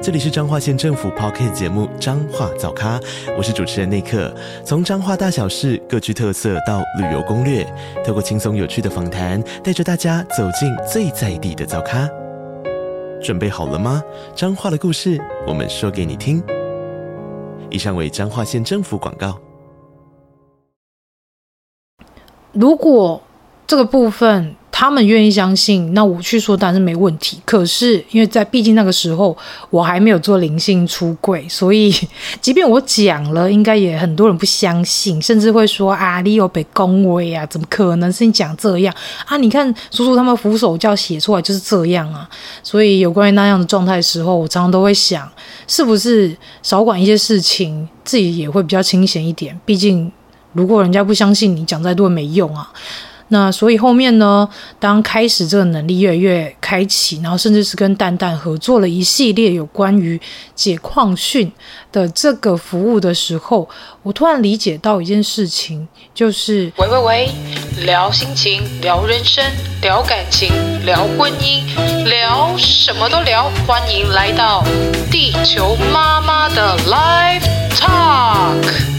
這裡是彰化縣政府 Podcast 節目《彰化早咖》，我是主持人內克。從彰化大小事各具特色到旅游攻略，透過輕鬆有趣的訪談，帶着大家走進最在地的早咖。準備好了嗎？彰化的故事，我們說給你聽。以上為彰化縣政府廣告。如果這個部分。他們願意相信，那我去說當然是沒問題。可是，因為在畢竟那個時候我還沒有做靈性出櫃，所以即便我講了，應該也很多人不相信，甚至會說啊，你又被恭維啊，怎麼可能是你講這樣啊？你看叔叔他們扶手轎寫出來就是這樣啊。所以有關於那樣的狀態的時候，我常常都會想，是不是少管一些事情，自己也會比較清閒一點？畢竟如果人家不相信，你講再多也沒用啊。那所以後面呢，當開始這個能力越來越開啟，然後甚至是跟蛋蛋合作了一系列有關於解礦訊的這個服務的時候，我突然理解到一件事情，就是喂喂喂，聊心情，聊人生，聊感情，聊婚姻，聊什麼都聊，歡迎來到地球媽媽的 Life Talk。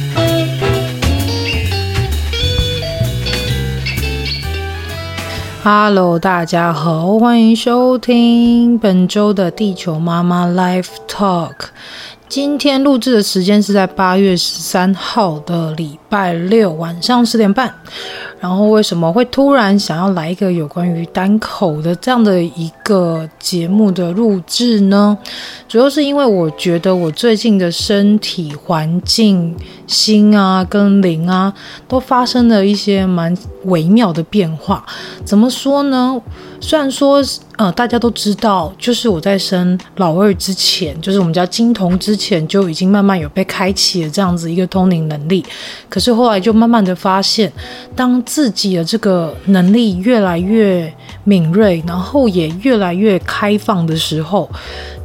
Hello，大家好，歡迎收聽本周的地球媽媽 Life Talk。今天錄製的時間是在八月十三號的禮拜六晚上十點半。然後為什麼會突然想要來一個有關於單口的這樣的一個節目的錄製呢？主要是因為我覺得我最近的身體環境。心啊，跟靈啊，都發生了一些蠻微妙的變化。怎麼說呢？雖然說，呃，大家都知道，就是我在生老二之前，就是我們家金童之前，就已經慢慢有被開啟了這樣子一個通靈能力。可是後來就慢慢的發現，當自己的這個能力越來越敏銳，然後也越來越開放的時候，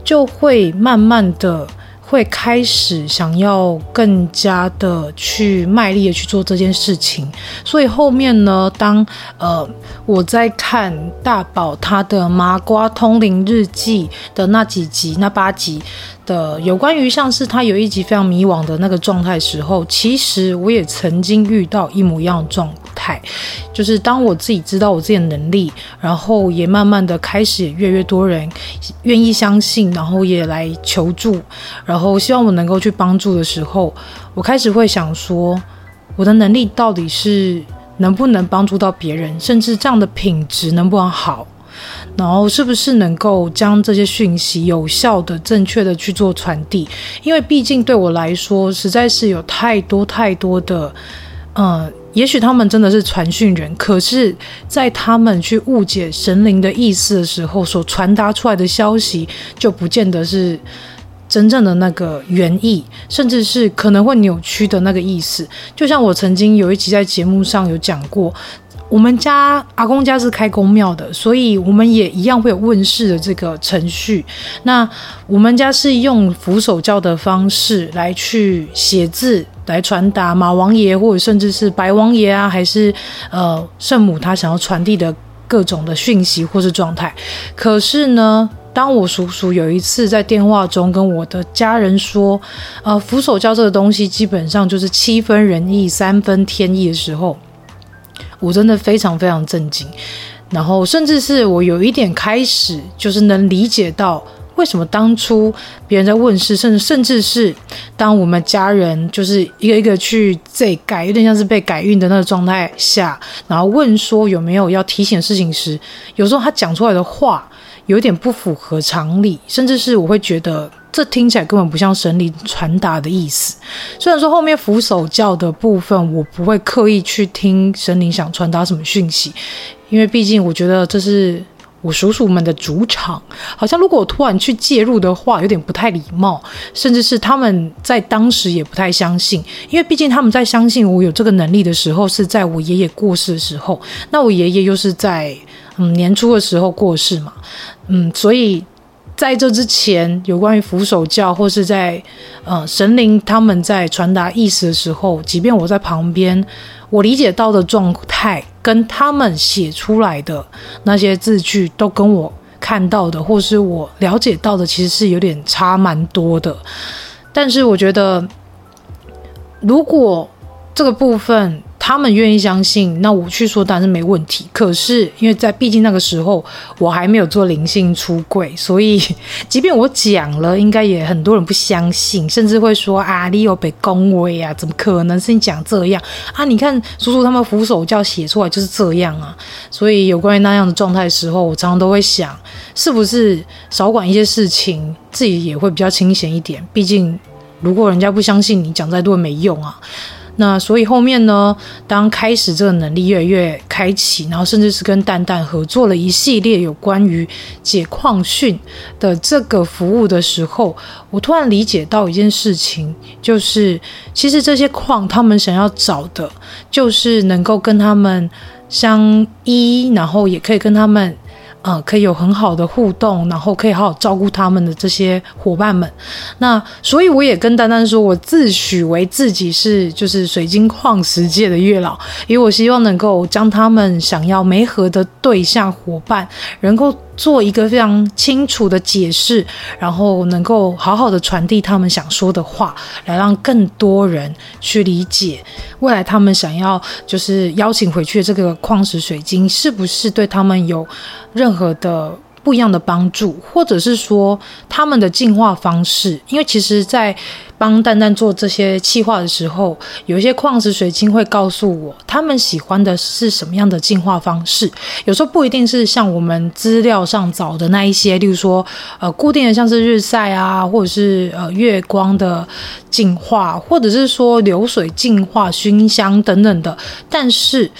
就會慢慢的。會開始想要更加的去賣力的去做這件事情，所以後面呢，當呃我在看大寶他的《麻瓜通靈日記》的那幾集，那八集。的有關於像是他有一集非常迷惘的那個狀態時候，其實我也曾經遇到一模一樣的狀態，就是當我自己知道我自己的能力，然後也慢慢的開始，也越來越多人願意相信，然後也來求助，然後希望我能夠去幫助的時候，我開始會想說，我的能力到底是能不能幫助到別人，甚至這樣的品質能不能好。然後是不是能夠將這些訊息有效的、正確的去做傳遞？因為畢竟對我來說，實在是有太多太多的，嗯、呃，也許他們真的是傳訊人，可是，在他們去誤解神靈的意思的時候，所傳達出來的消息，就不見得是真正的那個原意，甚至是可能會扭曲的那個意思。就像我曾經有一集在節目上有講過。我們家阿公家是開宮廟的，所以我們也一樣會有問事的這個程序。那我們家是用扶手轎的方式來去寫字，來傳達馬王爺或者甚至是白王爺啊，還是呃聖母他想要傳遞的各種的訊息或是狀態。可是呢，當我叔叔有一次在電話中跟我的家人說，呃，扶手轎這個東西基本上就是七分人意，三分天意的時候。我真的非常非常震驚，然後甚至是我有一點開始就是能理解到為什麼當初別人在問事，甚至甚至是當我們家人就是一個一個去在改，有點像是被改運的那個狀態下，然後問說有沒有要提醒的事情時，有時候他講出來的話有一點不符合常理，甚至是我會覺得。這聽起來根本不像神靈傳達的意思。雖然說後面扶手轎的部分，我不會刻意去聽神靈想傳達什麼訊息，因為畢竟我覺得這是我叔叔們的主場。好像如果我突然去介入的話，有點不太禮貌，甚至是他們在當時也不太相信，因為畢竟他們在相信我有這個能力的時候，是在我爺爺過世的時候，那我爺爺又是在嗯年初的時候過世嘛，嗯，所以。在這之前，有關於扶手轎或是在呃神靈他們在傳達意思的時候，即便我在旁邊，我理解到的狀態跟他們寫出來的那些字句，都跟我看到的或是我了解到的，其實是有點差蠻多的。但是我覺得，如果這個部分，他們願意相信，那我去說當然是沒問題。可是，因為在畢竟那個時候我還沒有做靈性出櫃，所以即便我講了，應該也很多人不相信，甚至會說：“啊，你又被恭維啊，怎麼可能？是你講這樣啊？你看叔叔他們扶手教寫出來就是這樣啊。”所以，有關於那樣的狀態時候，我常常都會想，是不是少管一些事情，自己也會比較清閒一點？畢竟，如果人家不相信，你講再多也沒用啊。那所以後面呢，當開始這個能力越來越開啟，然後甚至是跟蛋蛋合作了一系列有關於解礦訊的這個服務的時候，我突然理解到一件事情，就是其實這些礦他們想要找的，就是能夠跟他們相依，然後也可以跟他們。啊、呃，可以有很好的互動，然後可以好好照顧他們的這些夥伴們。那所以我也跟丹丹說，我自詡為自己是就是水晶礦石界的月老，因為我希望能夠將他們想要媒合的對象夥伴，能夠做一個非常清楚的解釋，然後能夠好好的傳遞他們想說的話，來讓更多人去理解未來他們想要就是邀請回去這個礦石水晶是不是對他們有任何。任何的不一樣的幫助，或者是說他們的進化方式，因為其實，在幫蛋蛋做這些企劃的時候，有一些礦石水晶會告訴我他們喜歡的是什麼樣的進化方式。有時候不一定是像我們資料上找的那一些，例如說呃固定的像是日曬啊，或者是呃月光的進化，或者是說流水進化、燻香等等的，但是。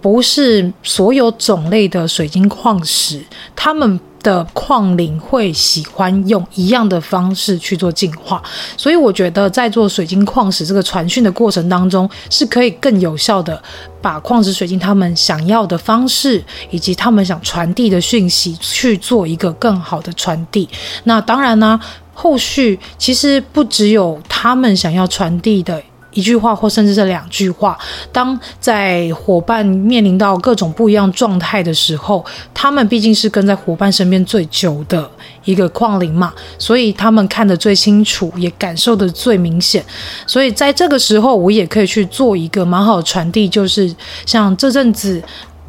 不是所有種類的水晶礦石，他們的礦靈會喜歡用一樣的方式去做淨化，所以我覺得在做水晶礦石這個傳訊的過程當中，是可以更有效的把礦石水晶他們想要的方式，以及他們想傳遞的訊息去做一個更好的傳遞。那當然呢、啊，後續其實不只有他們想要傳遞的。一句話，或甚至是兩句話，當在夥伴面臨到各種不一樣狀態的時候，他們畢竟是跟在夥伴身邊最久的一個礦靈嘛，所以他們看得最清楚，也感受得最明顯。所以在這個時候，我也可以去做一個蠻好的傳遞，就是像這陣子，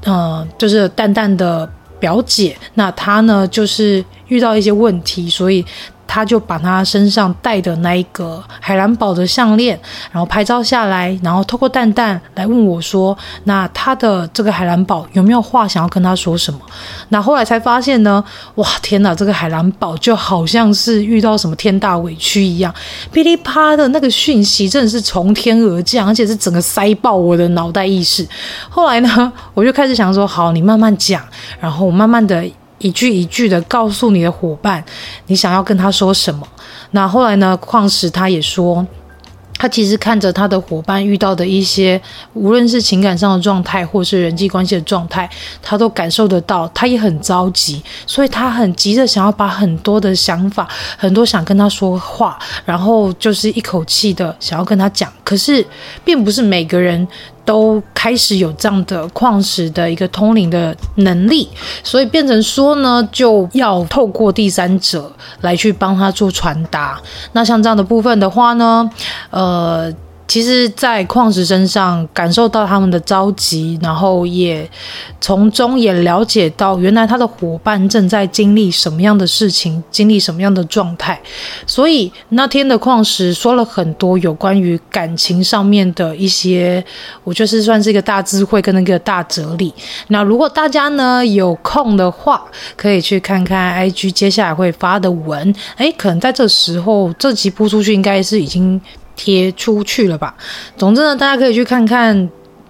嗯、呃，就是淡淡的表姐，那她呢，就是遇到一些問題，所以。他就把他身上戴的那一個海藍寶的項鏈，然後拍照下來，然後透過蛋蛋來問我說：“那他的這個海藍寶有沒有話想要跟他說什麼？”那後來才發現呢，哇天哪，這個海藍寶就好像是遇到什麼天大委屈一樣，噼哩啪啦的那個訊息真的是從天而降，而且是整個塞爆我的腦袋意識。後來呢，我就開始想說：“好，你慢慢講，然後我慢慢的。”一句一句的告訴你的夥伴，你想要跟他說什麼。那後來呢，礦石他也說，他其實看着他的夥伴遇到的一些，無論是情感上的狀態，或是人際關係的狀態，他都感受得到，他也很着急，所以他很急着想要把很多的想法，很多想跟他說話，然後就是一口氣的想要跟他講。可是，並不是每個人。都開始有這樣的礦石的一個通靈的能力，所以變成說呢，就要透過第三者來去幫他做傳達。那像這樣的部分的話呢，呃。其實，在礦石身上感受到他們的着急，然後也從中也了解到，原來他的夥伴正在經歷什麼樣的事情，經歷什麼樣的狀態。所以那天的礦石說了很多有關於感情上面的一些，我覺得是算是一個大智慧跟那個大哲理。那如果大家呢有空的話，可以去看看 IG 接下來會發的文。哎，可能在這時候這集播出去，應該是已經。貼出去了吧？總之呢，大家可以去看看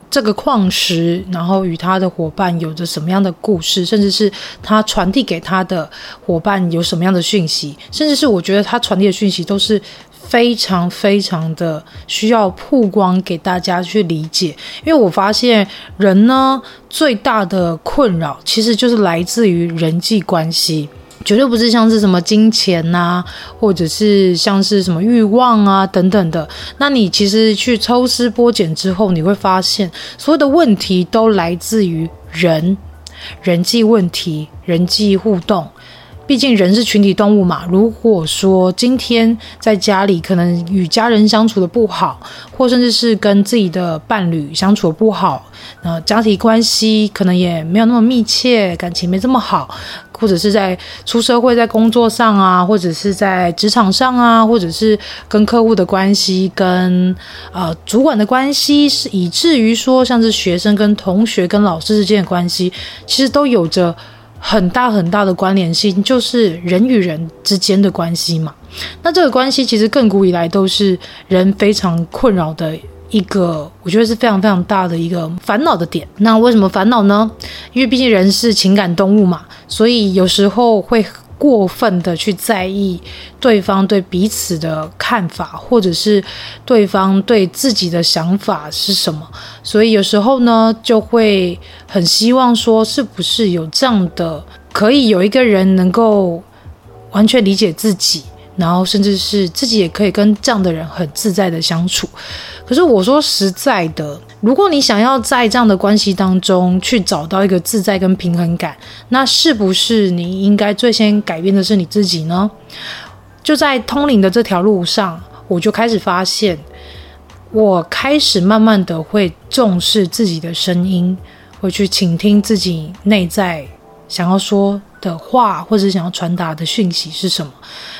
這個礦石，然後與他的夥伴有着什麼樣的故事，甚至是他傳遞給他的夥伴有什麼樣的訊息。甚至是我覺得他傳遞的訊息都是非常非常的需要曝光給大家去理解。因為我發現人呢，最大的困擾其實就是來自於人際關係。絕對不是像是什麼金錢吶、啊，或者是像是什麼欲望啊等等的。那你其實去抽絲剝繭之後，你會發現，所有的問題都來自於人，人際問題、人際互動。畢竟人是群體動物嘛。如果說今天在家裡可能與家人相處得不好，或甚至是跟自己的伴侶相處不好，那家庭關係可能也沒有那麼密切，感情沒這麼好。或者是在出社會、在工作上啊，或者是在職場上啊，或者是跟客戶的關係、跟呃主管的關係，是以至於說，像是學生跟同學、跟老師之間的關係，其實都有着很大很大的關聯性，就是人與人之間的關係嘛。那這個關係其實亙古以來都是人非常困擾的。一個我覺得是非常非常大的一個煩惱的點。那為什麼煩惱呢？因為畢竟人是情感動物嘛，所以有時候會過分的去在意對方對彼此的看法，或者是對方對自己的想法是什麼。所以有時候呢，就會很希望說，是不是有這樣的，可以有一個人能夠完全理解自己，然後甚至是自己也可以跟這樣的人很自在的相處。可是我說實在的，如果你想要在這樣的關係當中去找到一個自在跟平衡感，那是不是你應該最先改變的是你自己呢？就在通靈的這條路上，我就開始發現，我開始慢慢的會重視自己的聲音，會去傾聽自己內在想要說的話，或者想要傳達的訊息是什麼。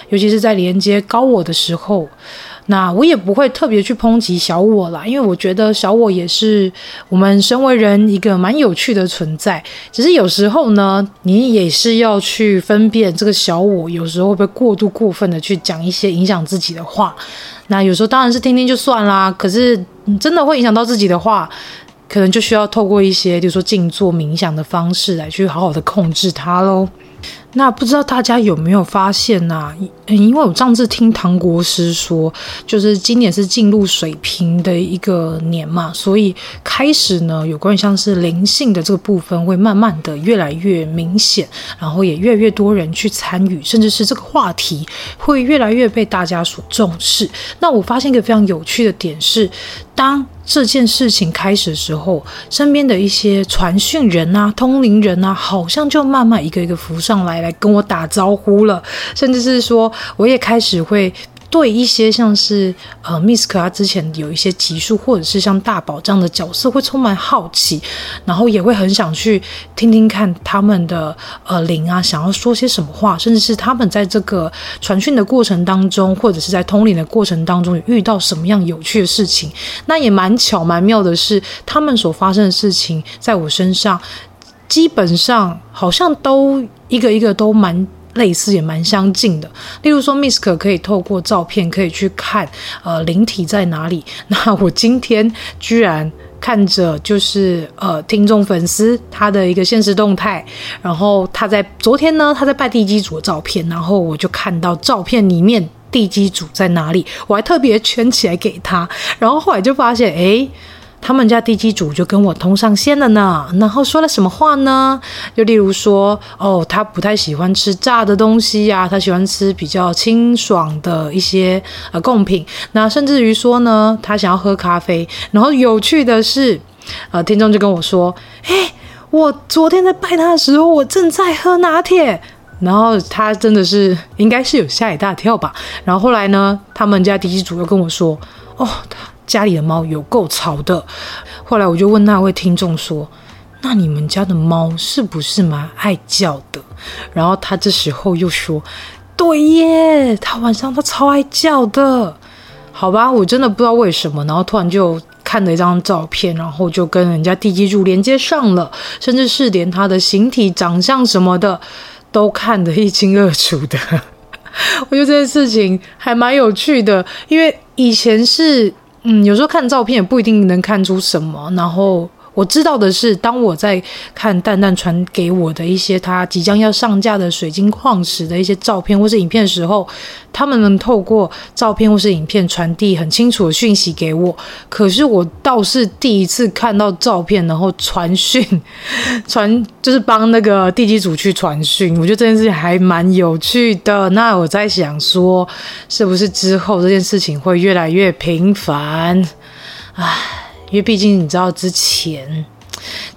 尤其是在連接高我的時候。那我也不會特別去抨擊小我啦，因為我覺得小我也是我們身為人一個蠻有趣的存在。只是有時候呢，你也是要去分辨這個小我，有時候會不會過度過分的去講一些影響自己的話。那有時候當然是聽聽就算啦，可是真的會影響到自己的話，可能就需要透過一些，比如說靜坐冥想的方式來去好好的控制它嘍。那不知道大家有沒有發現呢、啊？因為我上次聽唐國師說，就是今年是進入水瓶的一個年嘛，所以開始呢，有關於像是靈性的這個部分，會慢慢的越來越明顯，然後也越來越多人去參與，甚至是這個話題會越來越被大家所重視。那我發現一個非常有趣的點是，當這件事情開始的時候，身邊的一些傳訊人啊、通靈人啊，好像就慢慢一個一個浮上來，來跟我打招呼了，甚至是說，我也開始會。對一些像是呃，Misk，他、啊、之前有一些集數，或者是像大寶這樣的角色，會充滿好奇，然後也會很想去聽聽看他們的呃靈啊，想要說些什麼話，甚至是他們在這個傳訊的過程當中，或者是在通靈的過程當中，遇到什麼樣有趣的事情。那也蠻巧蠻妙的是，他們所發生的事情，在我身上基本上好像都一個一個都蠻。類似也蠻相近的，例如說，Misk 可以透過照片可以去看，呃，靈體在哪裡。那我今天居然看着就是呃，聽眾粉絲他的一個限時動態，然後他在昨天呢，他在拜地基主的照片，然後我就看到照片裡面地基主在哪裡，我還特別圈起來給他，然後後來就發現，誒、欸他們家地基主就跟我通上線了呢，然後說了什麼話呢？就例如說，哦，他不太喜歡吃炸的東西呀，啊，他喜歡吃比較清爽的一些呃供品。那甚至於說呢，他想要喝咖啡。然後有趣的是，呃，聽眾就跟我說，嘿，我昨天在拜他的時候，我正在喝拿鐵。然後他真的是應該是有嚇一大跳吧。然後後來呢，他們家地基主又跟我說，哦。家裡的貓有夠吵的。後來我就問那位聽眾說：“那你們家的貓是不是蠻愛叫的？”然後他這時候又說：“對耶，他晚上他超愛叫的。”好吧，我真的不知道為什麼。然後突然就看了一張照片，然後就跟人家地基主連接上了，甚至是連他的形體、長相什麼的都看得一清二楚的。 我覺得這件事情還蠻有趣的，因為以前是。嗯，有時候看照片也不一定能看出什麼，然後。我知道的是，當我在看蛋蛋傳給我的一些他即將要上架的水晶礦石的一些照片或是影片的時候，他們能透過照片或是影片傳遞很清楚的訊息給我。可是我倒是第一次看到照片，然後傳訊，傳就是幫那個地基組去傳訊。我覺得這件事情還蠻有趣的。那我在想說，是不是之後這件事情會越來越頻繁？唉。因為畢竟你知道之前，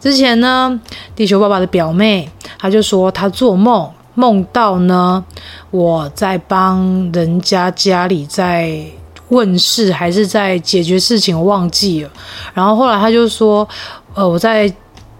之前呢，地球爸爸的表妹，她就說她做夢，夢到呢我在幫人家家裡在問事，還是在解決事情，忘記了。然後後來她就說，呃，我在。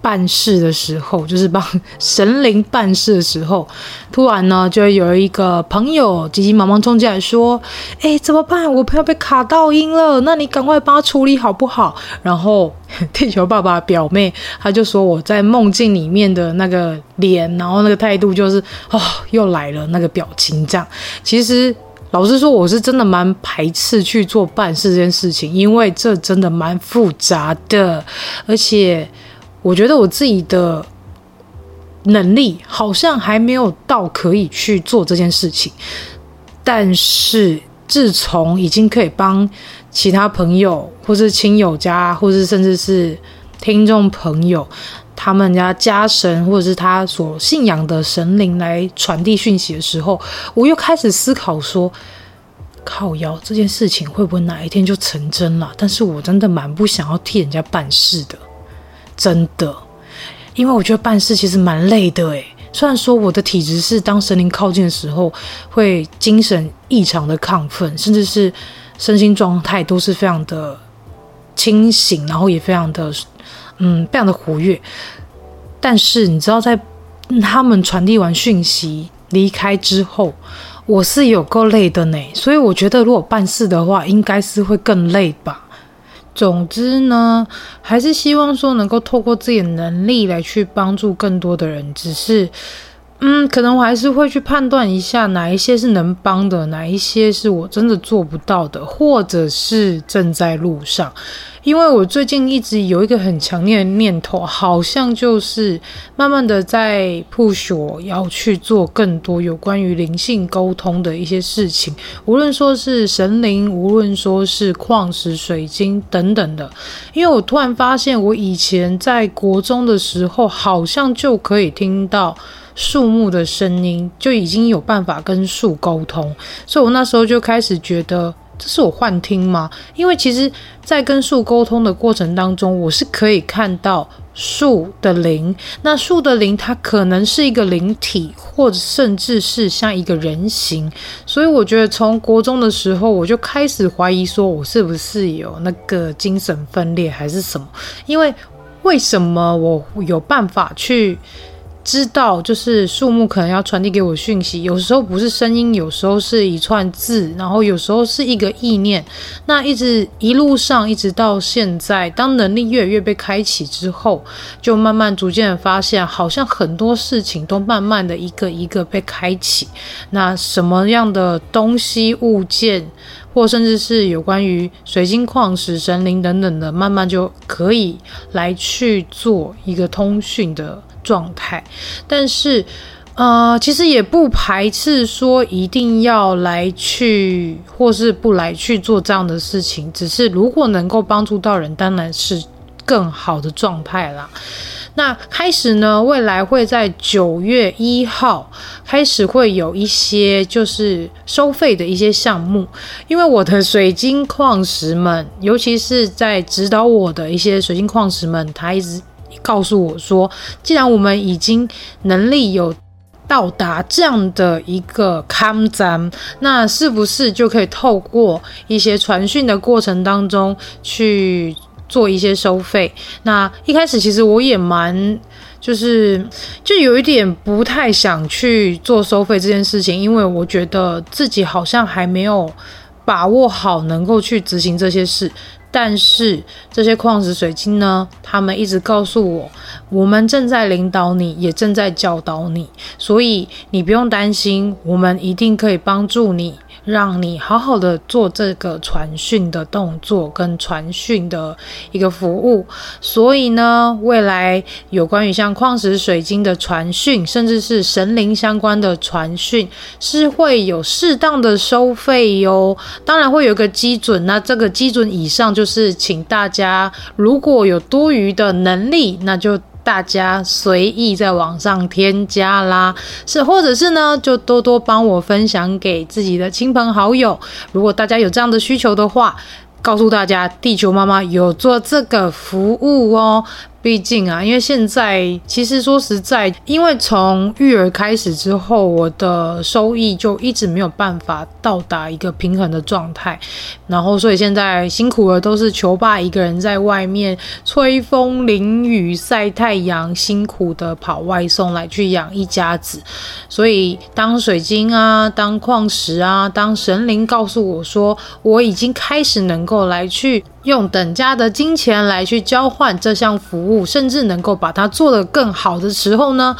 辦事的時候，就是幫神靈辦事的時候，突然呢，就有一個朋友急急忙忙衝進來，說：“哎，怎麼辦？我朋友被卡到陰了，那你趕快幫他處理好不好？”然後，地球爸爸表妹她就說：“我在夢境裡面的那個臉，然後那個態度就是啊、哦，又來了那個表情。”這樣，其實老實說，我是真的蠻排斥去做辦事這件事情，因為這真的蠻複雜的，而且。我覺得我自己的能力好像還沒有到可以去做這件事情。但是自從已經可以幫其他朋友，或是親友家，或是甚至是聽眾朋友，他們家家神，或者是他所信仰的神靈來傳遞訊息的時候，我又開始思考說，靠邀這件事情會不會哪一天就成真了？但是我真的蠻不想要替人家辦事的。真的，因為我覺得辦事其實蠻累的誒，雖然說我的體質是當神靈靠近的時候會精神異常的亢奮，甚至是身心狀態都是非常的清醒，然後也非常的嗯，非常的活躍。但是你知道，在他們傳遞完訊息離開之後，我是有夠累的呢。所以我覺得，如果辦事的話，應該是會更累吧。總之呢，還是希望說能夠透過自己的能力來去幫助更多的人，只是。嗯，可能我還是會去判斷一下哪一些是能幫的，哪一些是我真的做不到的，或者是正在路上。因為我最近一直有一個很強烈的念頭，好像就是慢慢的在 push 我要去做更多有關於靈性溝通的一些事情，無論說是神靈，無論說是礦石、水晶等等的。因為我突然發現，我以前在國中的時候，好像就可以聽到。樹木的聲音，就已經有辦法跟樹溝通，所以我那時候就開始覺得，這是我幻聽嗎？因為其實，在跟樹溝通的過程當中，我是可以看到樹的靈，那樹的靈它可能是一個靈體，或者甚至是像一個人形。所以我覺得，從國中的時候我就開始懷疑，說我是不是有那個精神分裂，還是什麼？因為為什麼我有辦法去？知道，就是樹木可能要傳遞給我訊息，有時候不是聲音，有時候是一串字，然後有時候是一個意念。那一直一路上，一直到現在，當能力越來越被開啟之後，就慢慢逐漸發現，好像很多事情都慢慢的一個一個被開啟。那什麼樣的東西物件？或甚至是有關於水晶礦石、神靈等等的，慢慢就可以來去做一個通訊的狀態。但是，呃，其實也不排斥說一定要來去或是不來去做這樣的事情，只是如果能夠幫助到人，當然是更好的狀態啦。那開始呢，未來會在九月一號開始會有一些就是收費的一些項目，因為我的水晶礦石們，尤其是在指導我的一些水晶礦石們，他一直告訴我說，既然我們已經能力有到達這樣的一個坎站，那是不是就可以透過一些傳訊的過程當中去做一些收費，那一開始其實我也蠻就是就有一點不太想去做收費這件事情，因為我覺得自己好像還沒有把握好能夠去執行這些事。但是這些礦石水晶呢，他們一直告訴我，我們正在領導你，也正在教導你，所以你不用擔心，我們一定可以幫助你。讓你好好的做這個傳訊的動作跟傳訊的一個服務，所以呢，未來有關於像礦石水晶的傳訊，甚至是神靈相關的傳訊，是會有適當的收費喲。當然會有一個基準，那這個基準以上，就是請大家如果有多餘的能力，那就。大家隨意在網上添加啦，是，或者是呢，就多多幫我分享給自己的親朋好友。如果大家有這樣的需求的話，告訴大家，地球媽媽有做這個服務哦。畢竟啊，因為現在其實說實在，因為從育兒開始之後，我的收益就一直沒有辦法到達一個平衡的狀態。然後，所以現在辛苦的都是球爸一個人在外面吹風、淋雨、曬太陽，辛苦的跑外送來去養一家子。所以，當水晶啊，當礦石啊，當神靈告訴我說，我已經開始能夠來去。用等價的金錢來去交換這項服務，甚至能夠把它做得更好的時候呢，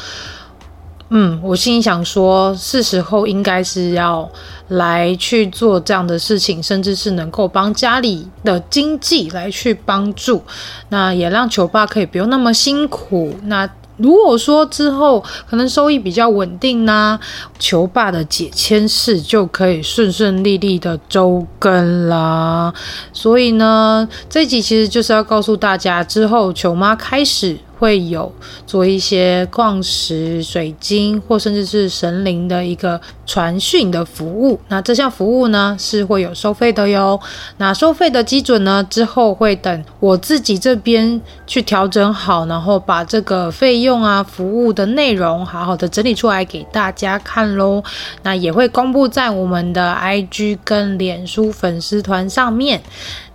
嗯，我心裡想說，是時候應該是要來去做這樣的事情，甚至是能夠幫家裡的經濟來去幫助，那也讓球爸可以不用那麼辛苦。那。如果說之後可能收益比較穩定呢、啊，球爸的解籤室就可以順順利利的周更啦。所以呢，這一集其實就是要告訴大家，之後球媽開始。會有做一些礦石、水晶，或甚至是神靈的一個傳訊的服務。那這項服務呢，是會有收費的喲。那收費的基準呢，之後會等我自己這邊去調整好，然後把這個費用啊、服務的內容好好的整理出來給大家看嘍。那也會公布在我們的 IG 跟臉書粉絲團上面。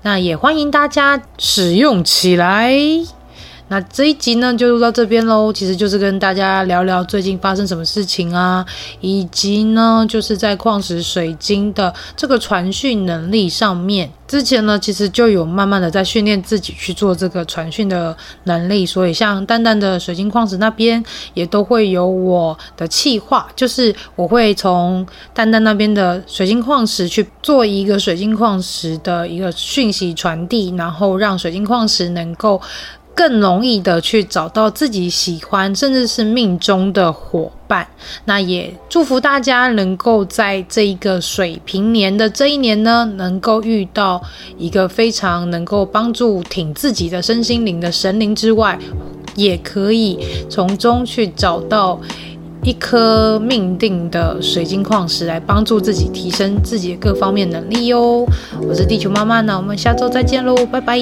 那也歡迎大家使用起來。那這一集呢，就錄到這邊嘍。其實就是跟大家聊聊最近發生什麼事情啊，以及呢，就是在礦石水晶的這個傳訊能力上面，之前呢，其實就有慢慢的在訓練自己去做這個傳訊的能力。所以，像蛋蛋的水晶礦石那邊，也都會有我的企劃，就是我會從蛋蛋那邊的水晶礦石去做一個水晶礦石的一個訊息傳遞，然後讓水晶礦石能夠。更容易的去找到自己喜歡，甚至是命中的夥伴。那也祝福大家能夠在這一個水平年的這一年呢，能夠遇到一個非常能夠幫助挺自己的身心靈的神靈之外，也可以從中去找到一顆命定的水晶礦石，來幫助自己提升自己的各方面能力喲、哦。我是地球媽媽呢，那我們下周再見嘍，拜拜。